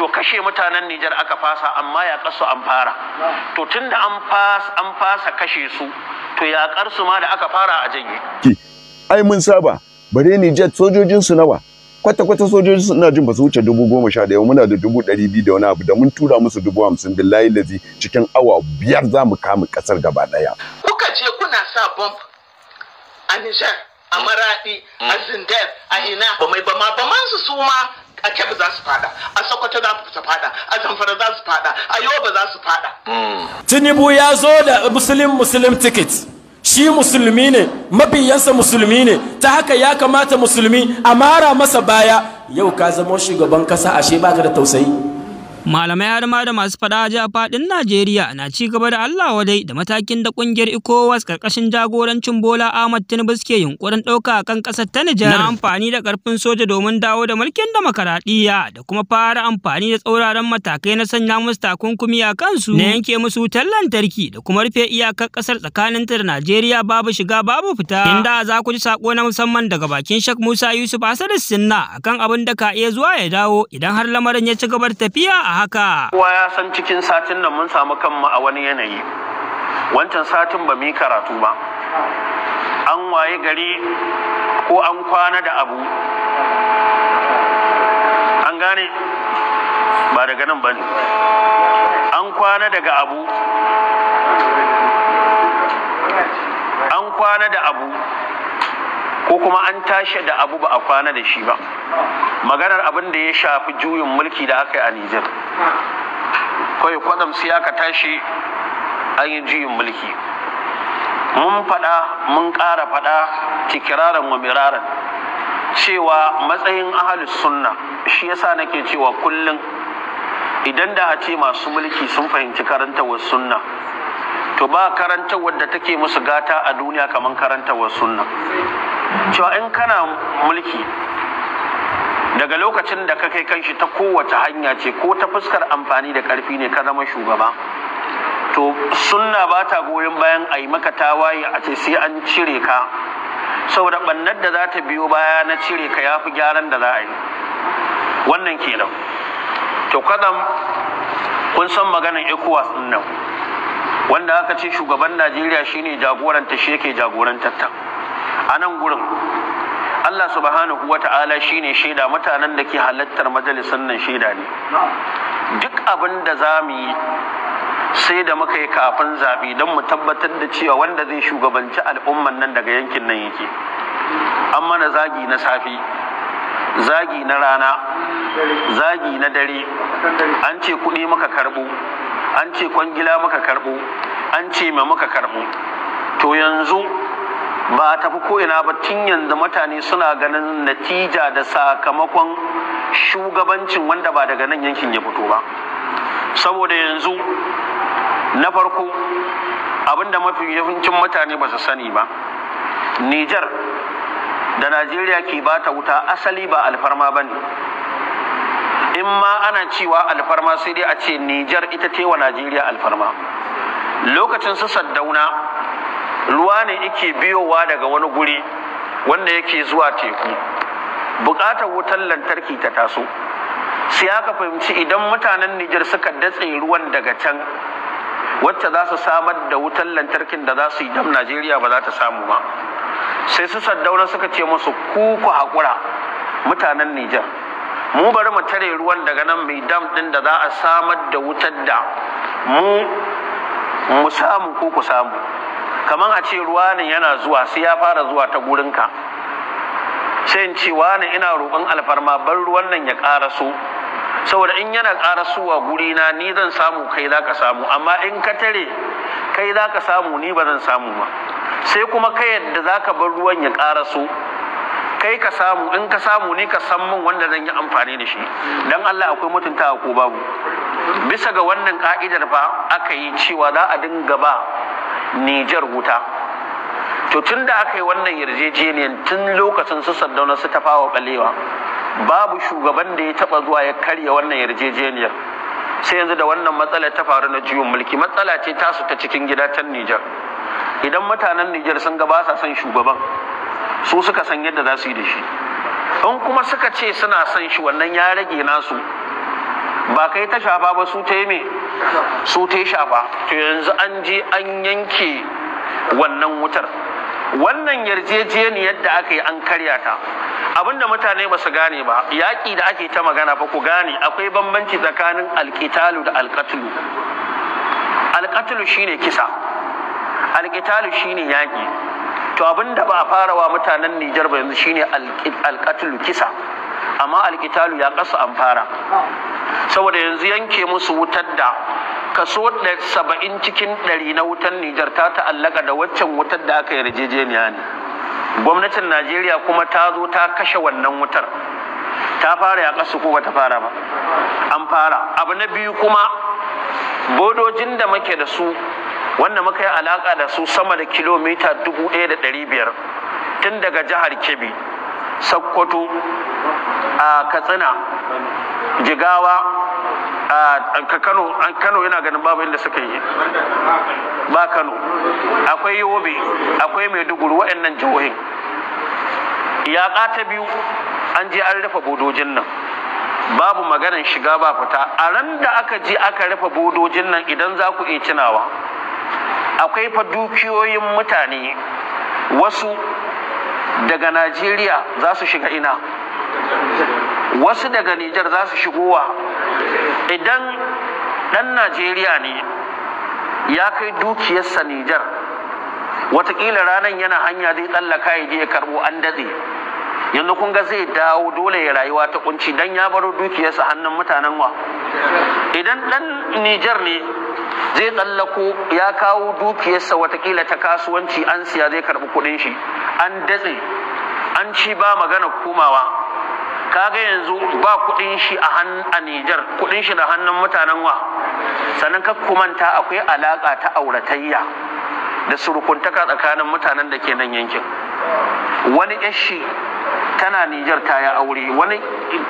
to kashe mutanen Nijar aka fasa amma yaƙar su an fara to tunda an fasa an fasa kashe su to yaƙar su ma da aka fara a janye ai mun saba bare Nijar sojojin su nawa kwata kwata sojojin su jin ba su wuce dubu goma sha ɗaya muna da dubu ɗari biyu da wani abu da mun tura musu dubu hamsin da layi lazi cikin awa biyar za mu kama ƙasar gaba ɗaya kuka je kuna sa bomb a Nijar a Maraɗi a Zindel a ina ba mai ba ba su suma a kebbi za su fada a sokoto za su fada a zamfara za su fada a yoba za su fada. tinubu ya zo da muslim muslim ticket shi musulmi ne mabiyansa musulmi ne ta haka ya kamata musulmi a mara masa baya yau ka zama shugaban kasa ashe baka da tausayi malamai har ma da masu fada a faɗin Najeriya na ci gaba da Allah wadai da matakin da kungiyar ECOWAS karkashin jagorancin Bola Ahmad Tinubu suke yunkurin ɗauka a kan kasar ta Nijar na amfani da karfin soja domin dawo da mulkin demokaradiyya da kuma fara amfani da tsauraran matakai na sanya musu takunkumi a kansu na yanke musu wutar lantarki da kuma rufe iyakar ƙasar tsakanin ta da Najeriya babu shiga babu fita inda za ku ji sako na musamman daga bakin shak Musa Yusuf Asadu Sinna akan abin da ka iya zuwa ya dawo idan har lamarin ya ci gaba da tafiya a haka. Kowa ya san cikin satin nan mun samu kanmu a wani yanayi. Wancan satin ba mu yi karatu ba. An waye gari ko an kwana da abu. An gane ba daga nan ba ne. An kwana daga abu. An kwana da abu. ko kuma an tashi da abu ba a kwana da shi ba maganar abin da ya shafi juyin mulki da aka yi a Nijar kawai kwadam siya ka tashi an yi juyin mulki mun faɗa mun ƙara faɗa tikiraran wa miraran cewa matsayin ahalus sunna shi yasa nake cewa kullum idan da a ce masu mulki sun fahimci karantawar sunna to ba karantawar da take musu gata a duniya kamar karantawar sunna cewa in kana mulki daga lokacin da ka kai kanshi ta kowace hanya ce ko ta fuskar amfani da karfi ne ka zama shugaba to sunna ba ta goyon bayan a yi maka tawaye a ce sai an cire ka saboda ɓannar da za ta biyo baya na cire ka ya fi gyaran da za a yi wannan kenan to kadan kun san maganin ikuwa ɗin nan wanda aka ce shugaban najeriya shine jagoranta shi yake jagorantar ta a nan gurin Allah subhanahu wa ta'ala shine shaida mutanen da ke halittar majalisan nan shaida ne duk abin da za mu yi sai da muka yi kafin zaɓe don mu tabbatar da cewa wanda zai shugabanci al'umman nan daga yankin nan yake an mana zagi na safe zagi na rana zagi na dare an ce kuɗi muka karɓo an ce kwangila muka karɓo an ce ma muka karɓo to yanzu ba a tafi ko ina ba tun yanzu mutane suna ganin natija da sakamakon shugabancin wanda ba daga nan yankin ya fito ba saboda yanzu na farko abinda mafi yawancin mutane ba su sani ba nijar da najeriya ke ba ta wuta asali ba alfarma ba ne in ma ana cewa alfarma sai dai a ce nijar ita tewa najeriya alfarma lokacin su saddauna ruwa ne yake biyowa daga wani guri wanda yake zuwa teku buƙatar wutar lantarki ta taso sai aka fahimci idan mutanen Nijar suka datse ruwan daga can wacce za su samar da wutar lantarkin da za su yi dam Najeriya ba za ta samu ba sai su saddauna suka ce musu ku ku haƙura mutanen Nijar mu bari mu tare ruwan daga nan mai dam ɗin da za a samar da wutar da mu mu samu ko ku samu kamar a ce ruwa ne yana zuwa sai ya fara zuwa ta gurinka sai in ce wani ina roƙon alfarma bar ruwan nan ya ƙaraso saboda in yana ƙarasowa gurina ni zan samu kai za ka samu amma in ka tare kai za ka samu ni ba zan samu ba sai kuma kai yadda za ka bar ruwan ya ƙaraso kai ka samu in ka samu ni ka san min wanda zan yi amfani da shi dan Allah akwai mutuntawa ko babu bisa ga wannan ka'idar fa aka yi cewa za a dinga ba nijar wuta to tun da aka yi wannan yarjejeniyar tun lokacin su sardauna su tafawa balewa babu shugaban da ya taba zuwa ya karya wannan yarjejeniyar sai yanzu da wannan matsala ta faru na juyin mulki matsala ce tasu ta cikin gida can Nijar idan mutanen Nijar sun ga ba sa son shugaban su suka san yadda za su yi da shi in kuma suka ce suna son shi wannan ya rage nasu ba kai ta shafa ba su ta yi me su ta shafa to yanzu an je an yanke wannan wutar wannan yarjejeniyar da aka yi an karya ta abinda mutane ba su gane ba yaƙi da ake ta magana ba ku gane akwai bambanci tsakanin alƙitalu da alƙatulu alƙatulu shine kisa alƙitalu shine yaƙi to abinda ba a farawa mutanen Nijar ba yanzu shine alƙatulu kisa amma alƙitalu ya ƙasa an fara saboda yanzu yanke musu wutar da kaso saba'in cikin ɗari na wutar Nijar ta ta'allaka da waccan wutar da aka yarjejeniya ne gwamnatin Najeriya kuma ta zo ta kashe wannan wutar ta fara ya kasu ko ta fara ba an fara abu na biyu kuma bodojin da muke da su wanda muka yi alaka da su sama da kilomita dubu ɗaya biyar tun daga jihar Kebbi sakkwato a katsina jigawa a kano kano yana ganin babu inda suka yi ba kano akwai yobe akwai maiduguri waɗannan jihohin yaƙa ta biyu an je an rufe bodojin nan babu maganan shiga ba fita a ran da aka je aka rufe bodojin nan idan za ku iya tunawa akwai fa dukiyoyin mutane wasu daga najeriya za su shiga ina wasu daga nijar za su shigowa idan ɗan najeriya ne ya kai dukiyarsa nijar watakila ranar yana hanya zai tsallaka ya je ya karbo an datse yanzu kun ga zai dawo dole ya rayuwa ta kunci don ya baro dukiyarsa hannun mutanen wa idan ɗan nijar ne zai tsallako ya kawo dukiyarsa watakila ta kasuwanci an siya zai karbi kuɗin shi an datse an ci ba magana komawa kaga yanzu ba kuɗin shi a hannun a Nijar kuɗin shi da hannun mutanen wa sannan ka kumanta akwai alaƙa ta auratayya da surukuntaka tsakanin mutanen da ke nan yankin wani yashi tana Nijar ta ya aure wani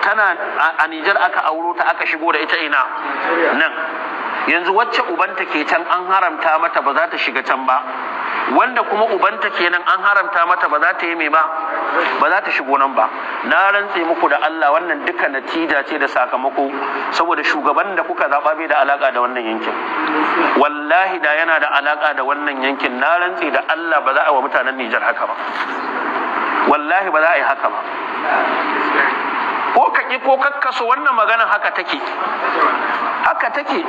tana a Nijar aka auro ta aka shigo da ita ina nan yanzu wacce ubanta ke can an haramta mata ba za ta shiga can ba wanda kuma ubanta kenan an haramta mata ba za ta yi mai ba ba za ta shigo nan ba na rantse muku da Allah wannan duka natija ce da sakamako saboda shugaban da kuka zaba bai da alaka da wannan yankin wallahi da yana da alaka da wannan yankin na rantse da Allah ba za a wa mutanen Nijar haka ba wallahi ba za a yi haka ba ko kaki ko kakkaso wannan magana haka take haka take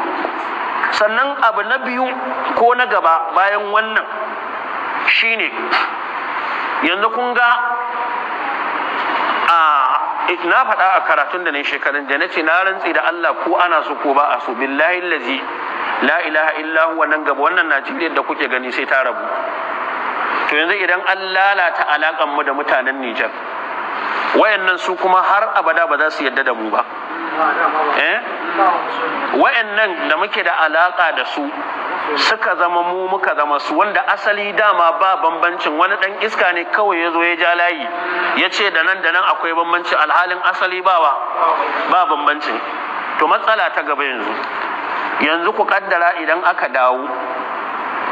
sannan abu na biyu ko na gaba bayan wannan shine yanzu kun ga na faɗa a karatun da na shekarun da na ce na rantsi da Allah ko ana so ko ba a so billahi lazi la ilaha illa huwa nan gaba wannan na cikin yadda kuke gani sai ta rabu to yanzu idan an lalata alakan mu da mutanen Nijar wayannan su kuma har abada ba za su yadda da mu ba Eh? Wa'in nan da muke da alaƙa da su suka zama mu muka zama su wanda asali dama ba bambancin wani ɗan iska ne kawai ya zo ya ja layi ya ce da nan da nan akwai bambancin alhalin asali bawa ba bambancin to matsala ta gaba yanzu yanzu ku kaddara idan aka dawo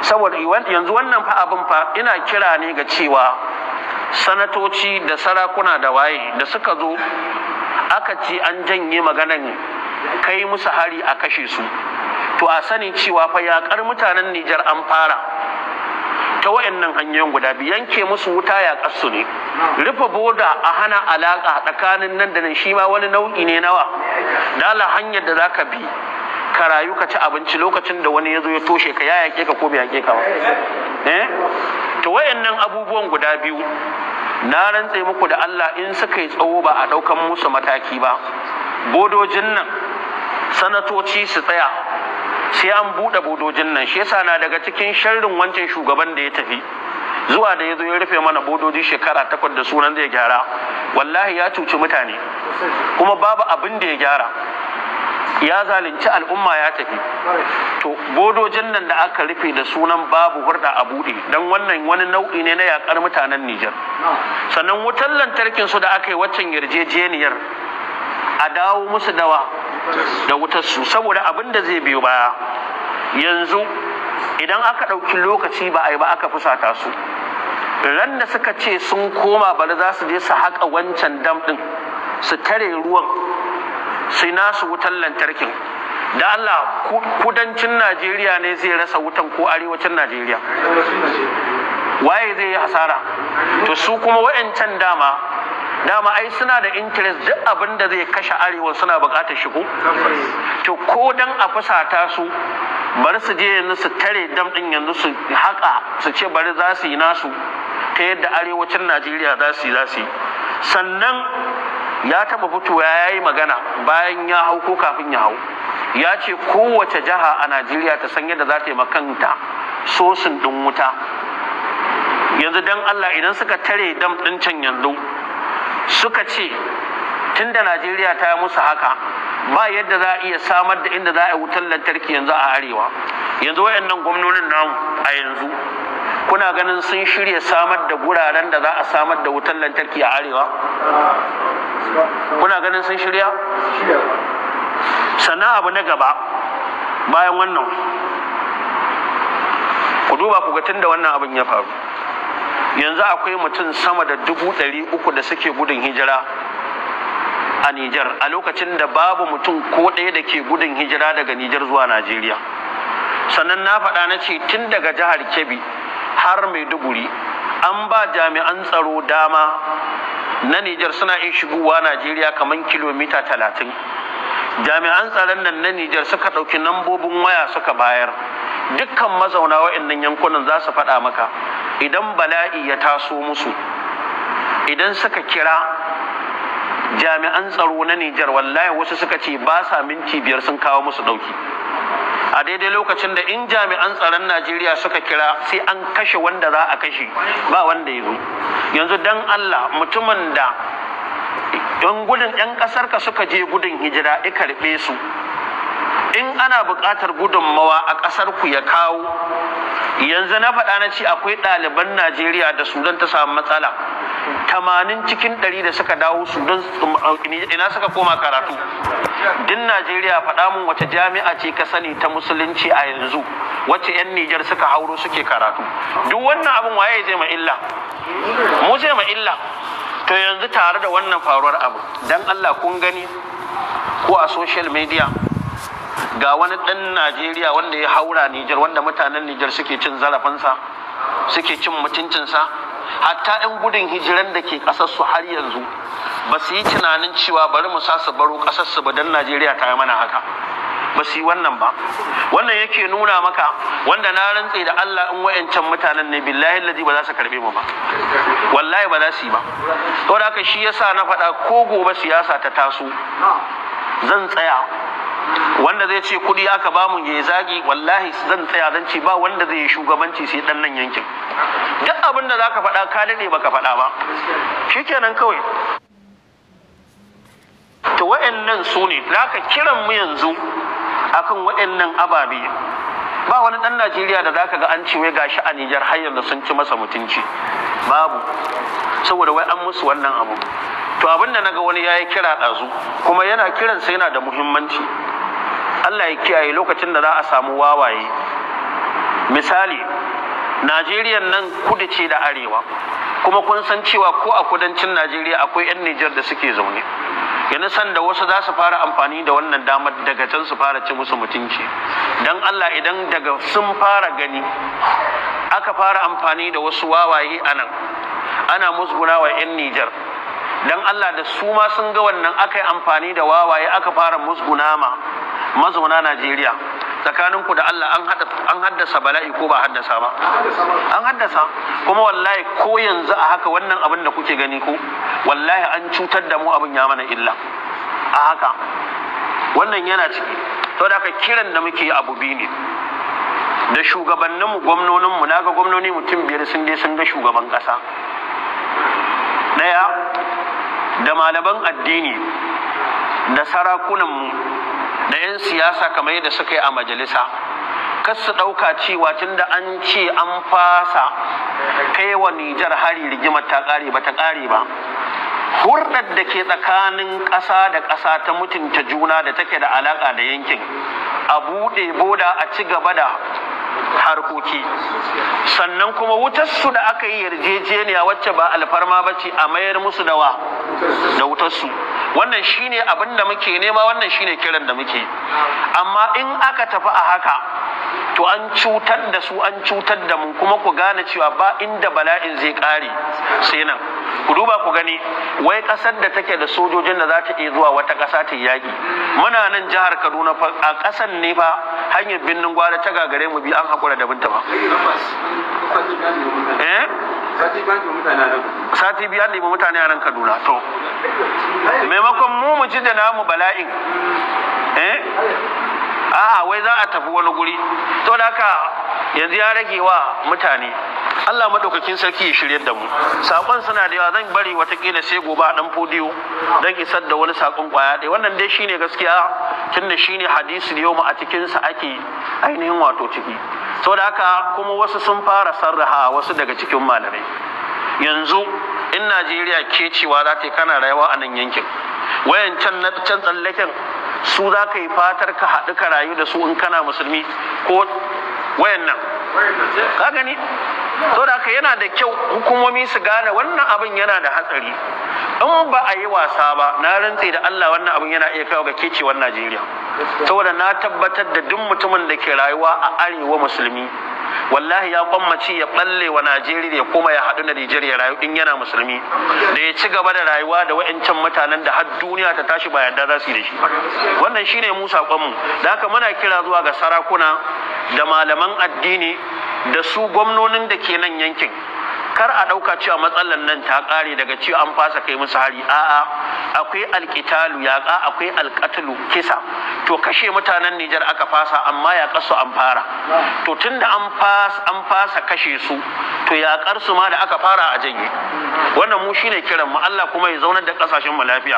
saboda yanzu wannan fa abin fa ina kira ne ga cewa sanatoci da sarakuna da waye da suka zo aka ce an janye maganan kai musu hari a kashe su to a sani cewa fa yakar mutanen Nijar an fara ta wayannan hanyoyin guda biyu yanke musu wuta ya kasu ne rufe boda a hana alaka tsakanin nan da nan shi ma wani nau'i ne nawa dala hanyar da zaka bi ka rayu ka ci abinci lokacin da wani ya zo ya toshe ka ya yake ka ko bai yake ka ba eh to wayannan abubuwan guda biyu na rantse muku da Allah in suka yi tsawo ba a ɗaukan musu mataki ba bodojin nan sanatoci su tsaya sai an buɗe bodojin nan shi yasa na daga cikin sharrin wancan shugaban da ya tafi zuwa da ya zo ya rufe mana bodoji shekara takwas da sunan zai gyara wallahi ya cuci mutane kuma babu abin da ya gyara ya zalunci al'umma ya tafi to bodojin nan da aka rufe da sunan babu hurda a buɗe don wannan wani nau'i ne na yakar mutanen Nijar sannan wutar lantarkin su da aka yi waccan yarjejeniyar a dawo musu dawa da wutar su saboda abin da zai biyo baya yanzu idan aka ɗauki lokaci ba a yi ba aka fusata su ran da suka ce sun koma bari za su je su haƙa wancan dam ɗin su tare ruwan sai nasu wutan lantarkin da Allah kudancin Najeriya ne zai rasa wutan ko arewacin Najeriya waye zai yi asara to su kuma wa'ancan dama dama ai suna da interest duk abin da zai kashe arewa suna bukatar shigo to ko dan a fusata su bari su je yanzu su tare dam din yanzu su haƙa su ce bari za su yi nasu ta yadda arewacin najeriya za su yi za su yi sannan ya taba fitowa ya yi magana bayan ya hau ko kafin ya hau ya ce kowace jiha a najeriya ta san yadda za ta yi makanta sosin ɗin wuta yanzu don allah idan suka tare dam ɗin can yanzu suka ce tun da najeriya ta yi musu haka ba yadda za a iya samar da inda za a yi wutar lantarki yanzu a arewa yanzu wayannan gwamnonin namu a yanzu kuna ganin sun shirya samar da guraren da za a samar da wutar lantarki a arewa kuna ganin sun shirya sannan abu na gaba bayan wannan ku duba ku ga tunda wannan abin ya faru yanzu akwai mutum sama da dubu ɗari uku da suke gudun hijira a Nijar a lokacin da babu mutum ko ɗaya da ke gudun hijira daga Nijar zuwa Najeriya sannan na faɗa na ce tun daga jihar Kebbi har Maiduguri an ba jami'an tsaro dama na Nijar suna iya shigowa Najeriya kamar kilomita talatin jami'an tsaron nan na Nijar suka ɗauki nambobin waya suka bayar dukkan mazauna wa'annan yankunan za su faɗa maka idan bala'i ya taso musu idan suka kira jami'an tsaro na Nijar wallahi wasu suka ce ba sa minti biyar sun kawo musu ɗauki a daidai lokacin da in jami'an tsaron najeriya suka kira sai an kashe wanda za a kashe ba wanda ya zo yanzu dan allah mutumin da yan gudun yan kasar ka suka je gudun hijira ya karbe su in ana buƙatar gudunmawa a ƙasar ku ya kawo yanzu na faɗa na ce akwai ɗaliban najeriya da sudan ta samu matsala tamanin cikin ɗari da suka dawo su don ina suka koma karatu din najeriya faɗa mun wace jami'a ce ka sani ta musulunci a yanzu wace 'yan nijar suka hauro suke karatu duk wannan abin waye zai ma illa mu zai ma illa to yanzu tare da wannan faruwar abu dan allah kun gani ko a social media ga wani ɗan najeriya wanda ya haura nijar wanda mutanen nijar suke cin zarafinsa suke cin mutuncinsa hatta 'yan gudun hijiran da ke ƙasar su har yanzu ba su yi tunanin cewa bari mu sa su baro ƙasar su ba don najeriya ta yi mana haka ba su yi wannan ba wannan yake nuna maka wanda na rantse da Allah in wayancan mutanen ne billahi ladi ba za su karbe mu ba wallahi ba za su yi ba to da haka shi yasa na faɗa ko gobe siyasa ta taso zan tsaya wanda zai ce kuɗi aka bamu ya zagi wallahi zan tsaya zan ce ba wanda zai yi shugabanci sai ɗan nan yankin abin da zaka faɗa ka dade baka faɗa ba Shi kenan kawai to wa'annan su ne zaka kiran mu yanzu akan wa'annan ababe ba wani ɗan Najeriya da zaka ga an ci wai gashi a Nijar har yanzu sun ci masa mutunci babu saboda wai an musu wannan abu to abin da na ga wani ya yayi kira ɗazu kuma yana kiran sai yana da muhimmanci Allah ya kiyaye lokacin da za a samu wawaye misali najeriya nan kudu ce da arewa kuma kun san cewa ko a kudancin najeriya akwai 'yan nijar da suke zaune Yana san da wasu za su fara amfani da wannan damar daga can su fara ci musu mutunci don allah idan daga sun fara gani aka fara amfani da wasu wawaye a nan ana musguna wa 'yan nijar don allah da su ma sun ga wannan aka yi amfani da wawaye aka fara musguna ma mazauna najeriya tsakaninku da Allah an haddasa bala'i ko ba haddasa ba an haddasa kuma wallahi ko yanzu a haka wannan abin da kuke gani ko wallahi an cutar da mu abin ya mana illa a haka wannan yana ciki to da ka kiran da muke abu biyu ne da shugabanninmu gwamnoninmu na ga gwamnoni mutum biyar sun je sun ga shugaban ƙasa ɗaya da malaman addini da mu. na 'yan siyasa kamar yadda suka yi a majalisa kar su ɗauka cewa tunda an ce an fasa kai wa nijar hari rigimar ta ƙare ba ta ƙare ba hurɗar da ke tsakanin ƙasa da ƙasa ta mutunta juna da take da alaƙa da yankin a buɗe boda a ci gaba da harkoki sannan kuma wutar da aka yi yarjejeniya wacce ba alfarma ba ce a mayar musu da wa da wutar su wannan shine abin da muke nema wannan shine kiran da muke amma in aka tafi a haka to an cutar da su an cutar da mu kuma ku gane cewa ba inda bala'in zai kare sai nan ku duba ku gani wai ƙasar da take da sojojin da za ta iya zuwa wata ƙasa ta yaƙi muna nan jihar kaduna fa a ƙasan ne fa hanyar birnin gwada ta gagare mu bi an haƙura da binta ba eh? sati biyu an mu mutane a nan kaduna to maimakon mu mu ji da namu bala'in eh? a'a wai za a tafi wani guri to da yanzu ya rage wa mutane Allah madaukakin sarki ya shirye da mu sakon suna da yawa zan bari wata kila sai gobe a dan fodiyo dan isar da wani sakon kwaya dai wannan dai shine gaskiya tunda shine hadisi da yau a cikin sa ake ainihin wato ciki saboda haka kuma wasu sun fara sarraha wasu daga cikin malamai yanzu in Najeriya ke cewa za ta kana rayuwa a nan yankin wayan can na can tsallaken su za ka yi fatar ka haɗu ka rayu da su in kana musulmi ko wayan nan ka gani to da haka yana da kyau hukumomi su gane wannan abin yana da hatsari in ba a yi wasa ba na rantse da Allah wannan abin yana iya kawo ga kecewar Najeriya saboda na tabbatar da duk mutumin da ke rayuwa a arewa musulmi wallahi ya kwammaci ya balle wa Najeriya ya koma ya haɗu da Najeriya rayu in yana musulmi da ya ci gaba da rayuwa da wa'ancan mutanen da har duniya ta tashi ba yarda za su yi da shi wannan shine mu saƙonmu da haka muna kira zuwa ga sarakuna da malaman addini da su gwamnonin da ke nan yankin kar a ɗauka cewa matsalar nan ta ƙare daga cewa an fasa kai musu hari a'a akwai alƙitalu yaƙa akwai alƙatulu kisa to kashe mutanen Nijar aka fasa amma yaƙar su an fara to tun da an fasa kashe su to yaƙar su ma da aka fara a janye wannan mu shine kiran mu Allah kuma ya zaunar da ƙasashen mu lafiya